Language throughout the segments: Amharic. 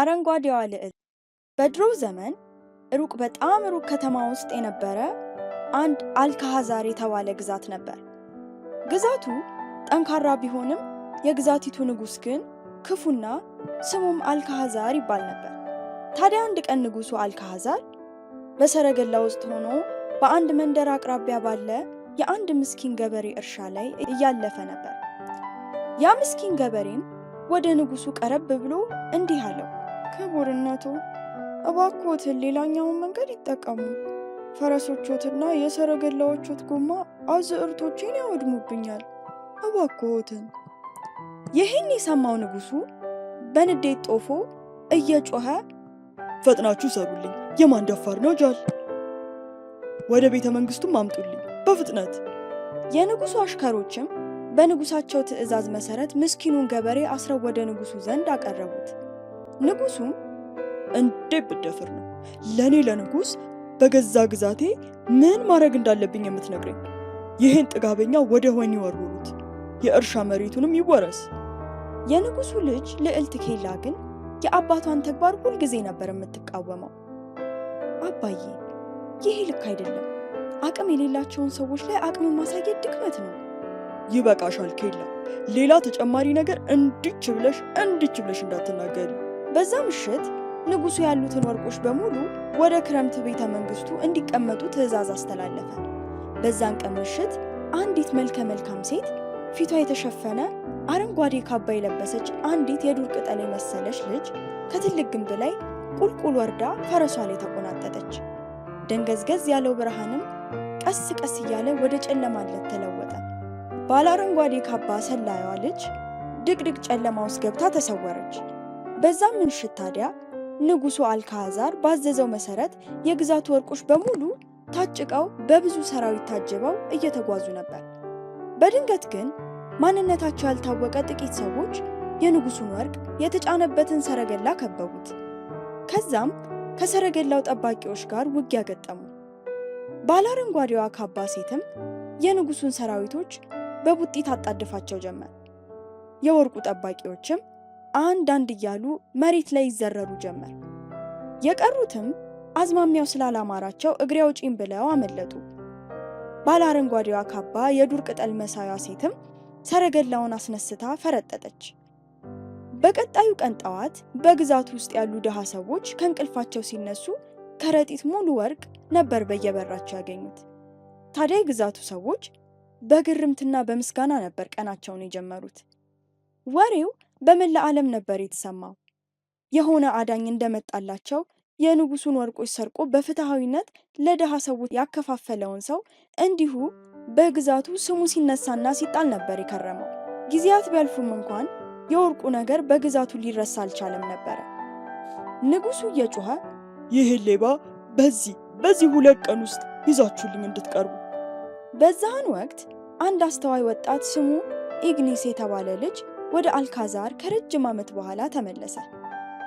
አረንጓዴዋ ልዕልት በድሮ ዘመን ሩቅ በጣም ሩቅ ከተማ ውስጥ የነበረ አንድ አልካሃዛር የተባለ ግዛት ነበር። ግዛቱ ጠንካራ ቢሆንም የግዛቲቱ ንጉሥ ግን ክፉና ስሙም አልካሃዛር ይባል ነበር። ታዲያ አንድ ቀን ንጉሱ አልካሃዛር በሰረገላ ውስጥ ሆኖ በአንድ መንደር አቅራቢያ ባለ የአንድ ምስኪን ገበሬ እርሻ ላይ እያለፈ ነበር። ያ ምስኪን ገበሬም ወደ ንጉሱ ቀረብ ብሎ እንዲህ አለው፣ ክቡርነቱ እባክዎትን ሌላኛውን መንገድ ይጠቀሙ። ፈረሶቾትና የሰረገላዎቾት ጎማ አዝዕርቶቼን ያወድሙብኛል። እባክዎትን። ይህን የሰማው ንጉሱ በንዴት ጦፎ እየጮኸ ፈጥናችሁ ሰሩልኝ፣ የማን ደፋር ነው ጃል? ወደ ቤተ መንግስቱም አምጡልኝ በፍጥነት። የንጉሱ አሽከሮችም በንጉሳቸው ትዕዛዝ መሰረት ምስኪኑን ገበሬ አስረው ወደ ንጉሱ ዘንድ አቀረቡት። ንጉሱ እንዴ ብደፍር ነው ለእኔ ለንጉስ በገዛ ግዛቴ ምን ማድረግ እንዳለብኝ የምትነግረኝ? ይህን ጥጋበኛ ወደ ወህኒ ወርውሩት፣ የእርሻ መሬቱንም ይወረስ። የንጉሱ ልጅ ልዕልት ኬላ ግን የአባቷን ተግባር ሁልጊዜ ነበር የምትቃወመው። አባዬ፣ ይሄ ልክ አይደለም። አቅም የሌላቸውን ሰዎች ላይ አቅም ማሳየት ድክመት ነው። ይበቃሻል ኬላ፣ ሌላ ተጨማሪ ነገር እንድች ብለሽ እንድች ብለሽ እንዳትናገሪ። በዛ ምሽት ንጉሱ ያሉትን ወርቆች በሙሉ ወደ ክረምት ቤተ መንግስቱ እንዲቀመጡ ትዕዛዝ አስተላለፈ። በዛን ቀን ምሽት አንዲት መልከ መልካም ሴት ፊቷ የተሸፈነ አረንጓዴ ካባ የለበሰች አንዲት የዱር ቅጠል የመሰለች ልጅ ከትልቅ ግንብ ላይ ቁልቁል ወርዳ ፈረሷ ላይ ተቆናጠጠች። ደንገዝገዝ ያለው ብርሃንም ቀስ ቀስ እያለ ወደ ጨለማነት ተለወጠ። ባለ አረንጓዴ ካባ ሰላዩዋ ልጅ ድቅድቅ ጨለማ ውስጥ ገብታ ተሰወረች። በዛ ምንሽት ታዲያ ንጉሱ አልካዛር ባዘዘው መሰረት የግዛቱ ወርቆች በሙሉ ታጭቀው በብዙ ሰራዊት ታጅበው እየተጓዙ ነበር። በድንገት ግን ማንነታቸው ያልታወቀ ጥቂት ሰዎች የንጉሱን ወርቅ የተጫነበትን ሰረገላ ከበቡት። ከዛም ከሰረገላው ጠባቂዎች ጋር ውጊያ ገጠሙ። ባለአረንጓዴዋ ካባ ሴትም የንጉሱን ሰራዊቶች በቡጢ ታጣድፋቸው ጀመር። የወርቁ ጠባቂዎችም አንድ አንድ እያሉ መሬት ላይ ይዘረሩ ጀመር። የቀሩትም አዝማሚያው ስላላማራቸው እግሬ አውጪኝ ብለው አመለጡ። ባለ አረንጓዴዋ ካባ የዱር ቅጠል መሳያ ሴትም ሰረገላውን አስነስታ ፈረጠጠች። በቀጣዩ ቀን ጠዋት በግዛቱ ውስጥ ያሉ ድሃ ሰዎች ከእንቅልፋቸው ሲነሱ ከረጢት ሙሉ ወርቅ ነበር በየበራቸው ያገኙት። ታዲያ የግዛቱ ሰዎች በግርምትና በምስጋና ነበር ቀናቸውን የጀመሩት። ወሬው በመላ ዓለም ነበር የተሰማው። የሆነ አዳኝ እንደመጣላቸው የንጉሱን ወርቆች ሰርቆ በፍትሐዊነት ለድሃ ሰው ያከፋፈለውን ሰው እንዲሁ በግዛቱ ስሙ ሲነሳና ሲጣል ነበር የከረመው። ጊዜያት ቢያልፉም እንኳን የወርቁ ነገር በግዛቱ ሊረሳ አልቻለም ነበረ። ንጉሱ እየጮኸ ይህን ሌባ በዚህ በዚህ ሁለት ቀን ውስጥ ይዛችሁልኝ እንድትቀርቡ። በዛን ወቅት አንድ አስተዋይ ወጣት ስሙ ኢግኒስ የተባለ ልጅ ወደ አልካዛር ከረጅም ዓመት በኋላ ተመለሰ።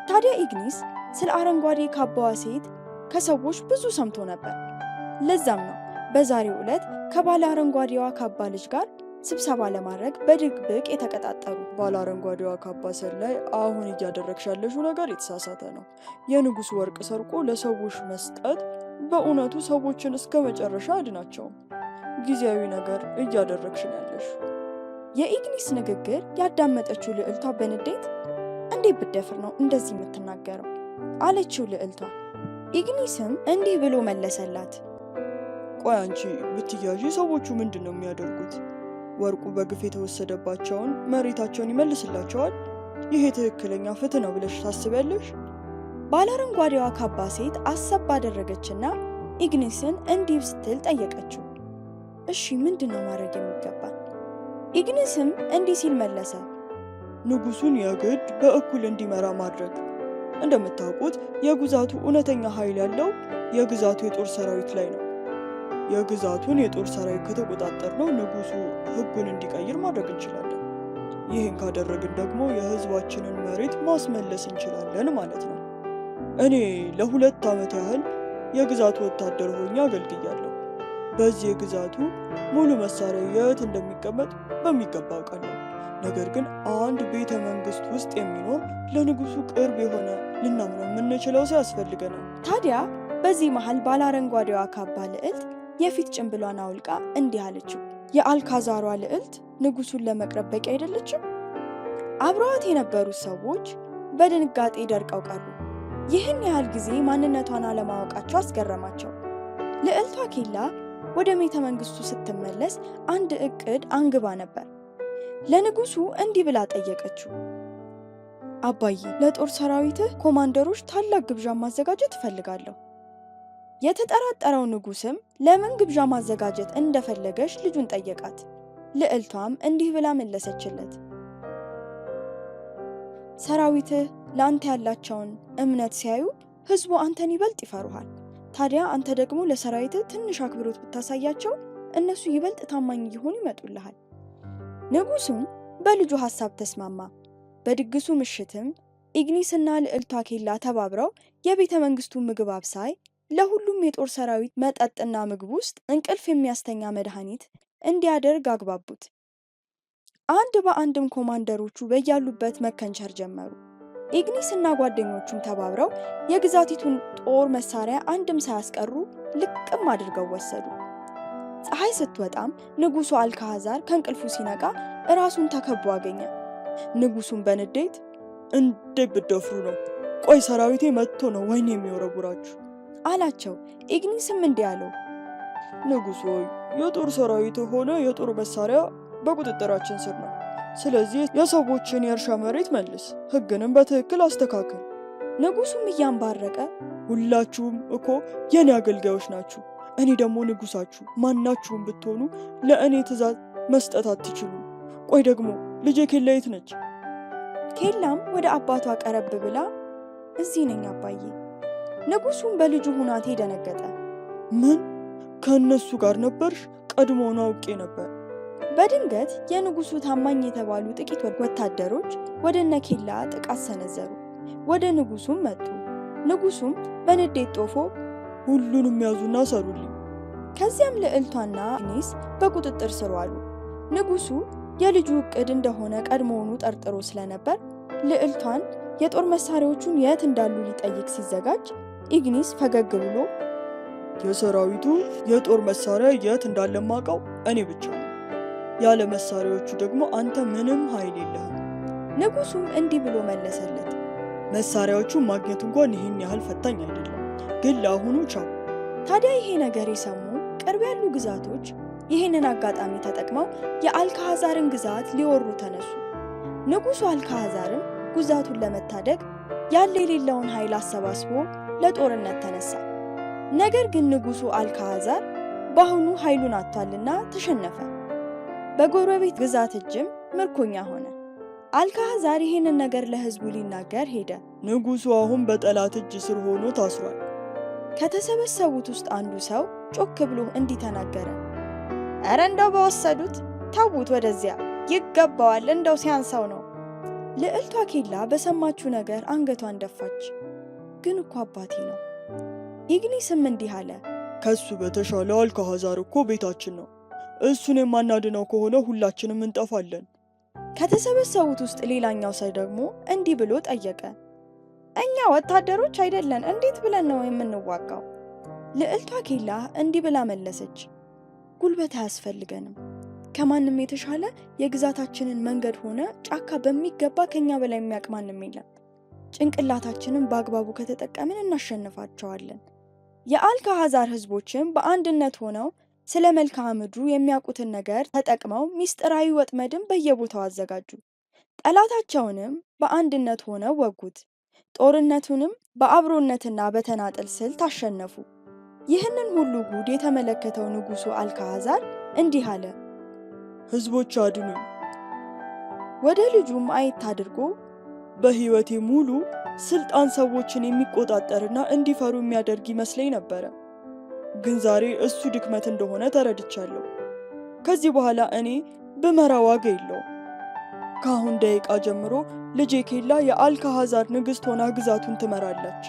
ታዲያ ኢግኒስ ስለ አረንጓዴ ካባዋ ሴት ከሰዎች ብዙ ሰምቶ ነበር። ለዛም ነው በዛሬው ዕለት ከባለ አረንጓዴዋ ካባ ልጅ ጋር ስብሰባ ለማድረግ በድብቅ የተቀጣጠሩ። ባለ አረንጓዴዋ ካባ ሰር ላይ አሁን እያደረግሽ ያለሽው ነገር የተሳሳተ ነው። የንጉሥ ወርቅ ሰርቆ ለሰዎች መስጠት በእውነቱ ሰዎችን እስከ መጨረሻ አድናቸውም። ጊዜያዊ ነገር እያደረግሽ ነው ያለሽው። የኢግኒስ ንግግር ያዳመጠችው ልዕልቷ በንዴት እንዴት ብደፍር ነው እንደዚህ የምትናገረው አለችው ልዕልቷ። ኢግኒስም እንዲህ ብሎ መለሰላት። ቆይ አንቺ ሰዎቹ ምንድን ነው የሚያደርጉት? ወርቁ በግፍ የተወሰደባቸውን መሬታቸውን ይመልስላቸዋል? ይሄ ትክክለኛ ፍትህ ነው ብለሽ ታስበልሽ ባለረንጓዴዋ ካባ ሴት አሰብ ባደረገችና ኢግኒስን እንዲህ ስትል ጠየቀችው። እሺ ምንድን ነው ማድረግ የሚገባል? ኢግኒስም እንዲህ ሲል መለሰ፣ ንጉሱን የግድ በእኩል እንዲመራ ማድረግ። እንደምታውቁት የግዛቱ እውነተኛ ኃይል ያለው የግዛቱ የጦር ሰራዊት ላይ ነው። የግዛቱን የጦር ሰራዊት ከተቆጣጠር ነው ንጉሱ ህጉን እንዲቀይር ማድረግ እንችላለን። ይህን ካደረግን ደግሞ የህዝባችንን መሬት ማስመለስ እንችላለን ማለት ነው። እኔ ለሁለት ዓመት ያህል የግዛቱ ወታደር ሆኜ አገልግያለሁ። በዚህ የግዛቱ ሙሉ መሳሪያ የት እንደሚቀመጥ በሚገባ አውቃለሁ። ነገር ግን አንድ ቤተ መንግስት ውስጥ የሚኖር ለንጉሱ ቅርብ የሆነ ልናምነው የምንችለው ሰው ያስፈልገናል። ታዲያ በዚህ መሃል ባለ አረንጓዴዋ ካባ ልዕልት የፊት ጭንብሏን አውልቃ እንዲህ አለችው። የአልካዛሯ ልዕልት ንጉሱን ለመቅረብ በቂ አይደለችም። አብረዋት የነበሩት ሰዎች በድንጋጤ ደርቀው ቀሩ። ይህን ያህል ጊዜ ማንነቷን አለማወቃቸው አስገረማቸው። ልዕልቷ ኬላ ወደ ቤተ መንግስቱ ስትመለስ አንድ እቅድ አንግባ ነበር። ለንጉሱ እንዲህ ብላ ጠየቀችው። አባዬ፣ ለጦር ሰራዊትህ ኮማንደሮች ታላቅ ግብዣ ማዘጋጀት እፈልጋለሁ። የተጠራጠረው ንጉስም ለምን ግብዣ ማዘጋጀት እንደፈለገች ልጁን ጠየቃት። ልዕልቷም እንዲህ ብላ መለሰችለት። ሰራዊትህ ለአንተ ያላቸውን እምነት ሲያዩ ህዝቡ አንተን ይበልጥ ይፈሩሃል። ታዲያ አንተ ደግሞ ለሰራዊት ትንሽ አክብሮት ብታሳያቸው እነሱ ይበልጥ ታማኝ እየሆኑ ይመጡልሃል። ንጉሱም በልጁ ሐሳብ ተስማማ። በድግሱ ምሽትም ኢግኒስና ልዕልቷ ኬላ ተባብረው የቤተ መንግስቱ ምግብ አብሳይ ለሁሉም የጦር ሰራዊት መጠጥና ምግብ ውስጥ እንቅልፍ የሚያስተኛ መድኃኒት እንዲያደርግ አግባቡት። አንድ በአንድም ኮማንደሮቹ በያሉበት መከንቸር ጀመሩ። ኢግኒስ እና ጓደኞቹም ተባብረው የግዛቲቱን ጦር መሳሪያ አንድም ሳያስቀሩ ልቅም አድርገው ወሰዱ። ፀሐይ ስትወጣም ንጉሱ አልካሃዛር ከእንቅልፉ ሲነቃ እራሱን ተከቦ አገኘ። ንጉሱን በንዴት እንዴት ብደፍሩ ነው? ቆይ ሰራዊቴ መጥቶ ነው ወይን የሚወረውራችሁ አላቸው። ኢግኒስም እንዲህ አለው፣ ንጉሶ የጦር ሰራዊት ሆነ የጦር መሳሪያ በቁጥጥራችን ስር ነው ስለዚህ የሰዎችን የእርሻ መሬት መልስ፣ ሕግንም በትክክል አስተካክል። ንጉሱም እያንባረቀ ሁላችሁም እኮ የኔ አገልጋዮች ናችሁ፣ እኔ ደግሞ ንጉሳችሁ፣ ማናችሁም ብትሆኑ ለእኔ ትእዛዝ መስጠት አትችሉም። ቆይ ደግሞ ልጄ ኬላ የት ነች? ኬላም ወደ አባቷ ቀረብ ብላ እዚህ ነኝ አባዬ። ንጉሱም በልጁ ሁናቴ ደነገጠ። ምን ከእነሱ ጋር ነበርሽ? ቀድሞውን አውቄ ነበር በድንገት የንጉሱ ታማኝ የተባሉ ጥቂት ወታደሮች ወደ ነኬላ ጥቃት ሰነዘሩ። ወደ ንጉሱም መጡ። ንጉሱም በንዴት ጦፎ ሁሉንም ያዙና ሰሩልኝ። ከዚያም ልዕልቷና ኒስ በቁጥጥር ስር ዋሉ። ንጉሱ የልጁ እቅድ እንደሆነ ቀድሞውኑ ጠርጥሮ ስለነበር ልዕልቷን የጦር መሳሪያዎቹን የት እንዳሉ ሊጠይቅ ሲዘጋጅ ኢግኒስ ፈገግ ብሎ የሰራዊቱ የጦር መሳሪያ የት እንዳለ እኔ ብቻ ያለ መሳሪያዎቹ ደግሞ አንተ ምንም ኃይል የለህም። ንጉሱም እንዲህ ብሎ መለሰለት፣ መሳሪያዎቹን ማግኘት እንኳን ይህን ያህል ፈታኝ አይደለም፣ ግን ለአሁኑ ቻው። ታዲያ ይሄ ነገር የሰሙ ቅርብ ያሉ ግዛቶች ይህንን አጋጣሚ ተጠቅመው የአልካሃዛርን ግዛት ሊወሩ ተነሱ። ንጉሱ አልካሃዛርም ግዛቱን ለመታደግ ያለ የሌለውን ኃይል አሰባስቦ ለጦርነት ተነሳ። ነገር ግን ንጉሱ አልካሃዛር በአሁኑ ኃይሉን አጥቷልና ተሸነፈ። በጎረቤት ግዛት እጅም ምርኮኛ ሆነ። አልካህ ዛሬ ይህንን ነገር ለህዝቡ ሊናገር ሄደ። ንጉሡ አሁን በጠላት እጅ ስር ሆኖ ታስሯል። ከተሰበሰቡት ውስጥ አንዱ ሰው ጮክ ብሎ እንዲህ ተናገረ። እረ እንደው በወሰዱት ተዉት፣ ወደዚያ ይገባዋል፣ እንደው ሲያንሰው ነው። ልዕልቷ ኬላ በሰማችው ነገር አንገቷን ደፋች። ግን እኮ አባቴ ነው። ይግኒስም እንዲህ አለ፣ ከሱ በተሻለ አልካሃዛር እኮ ቤታችን ነው። እሱን የማናድነው ከሆነ ሁላችንም እንጠፋለን። ከተሰበሰቡት ውስጥ ሌላኛው ሰው ደግሞ እንዲህ ብሎ ጠየቀ። እኛ ወታደሮች አይደለን፣ እንዴት ብለን ነው የምንዋጋው? ልዕልቷ ኬላ እንዲህ ብላ መለሰች። ጉልበት አያስፈልገንም። ከማንም የተሻለ የግዛታችንን መንገድ ሆነ ጫካ በሚገባ ከኛ በላይ የሚያውቅ ማንም የለም። ጭንቅላታችንን በአግባቡ ከተጠቀምን እናሸንፋቸዋለን። የአልካሃዛር ህዝቦችም በአንድነት ሆነው ስለ መልክዓ ምድሩ የሚያውቁትን ነገር ተጠቅመው ሚስጥራዊ ወጥመድን በየቦታው አዘጋጁ። ጠላታቸውንም በአንድነት ሆነው ወጉት። ጦርነቱንም በአብሮነትና በተናጠል ስልት አሸነፉ። ይህንን ሁሉ ጉድ የተመለከተው ንጉሡ አልካሃዛር እንዲህ አለ፣ ሕዝቦች አድኑ። ወደ ልጁም አየት አድርጎ በሕይወቴ ሙሉ ስልጣን ሰዎችን የሚቆጣጠርና እንዲፈሩ የሚያደርግ ይመስለኝ ነበረ ግን እሱ ድክመት እንደሆነ ተረድቻለሁ። ከዚህ በኋላ እኔ ብመራ ዋጋ የለው። ከአሁን ደቂቃ ጀምሮ ልጄ ኬላ የአልካሃዛር ንግሥት ሆና ግዛቱን ትመራለች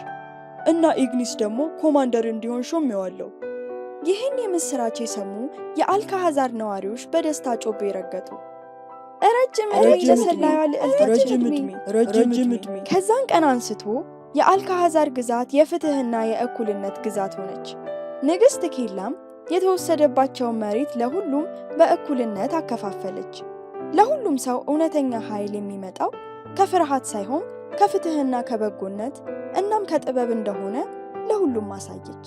እና ኢግኒስ ደግሞ ኮማንደር እንዲሆን ሾሜዋለሁ። ይህን የምስራች የሰሙ የአልካሃዛር ነዋሪዎች በደስታ ጮቤ ረገጡ። ረጅም ለሰላዩ ዕድሜ። ከዛን ቀን አንስቶ የአልካሃዛር ግዛት የፍትህና የእኩልነት ግዛት ሆነች። ንግሥት ኬላም የተወሰደባቸውን መሬት ለሁሉም በእኩልነት አከፋፈለች። ለሁሉም ሰው እውነተኛ ኃይል የሚመጣው ከፍርሃት ሳይሆን ከፍትህና ከበጎነት እናም ከጥበብ እንደሆነ ለሁሉም አሳየች።